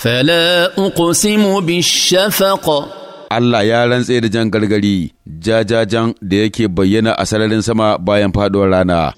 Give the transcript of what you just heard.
فلا أقسم بالشفق Allah ya rantse da jan gargari jajajan da yake bayyana a sararin sama bayan faduwar rana.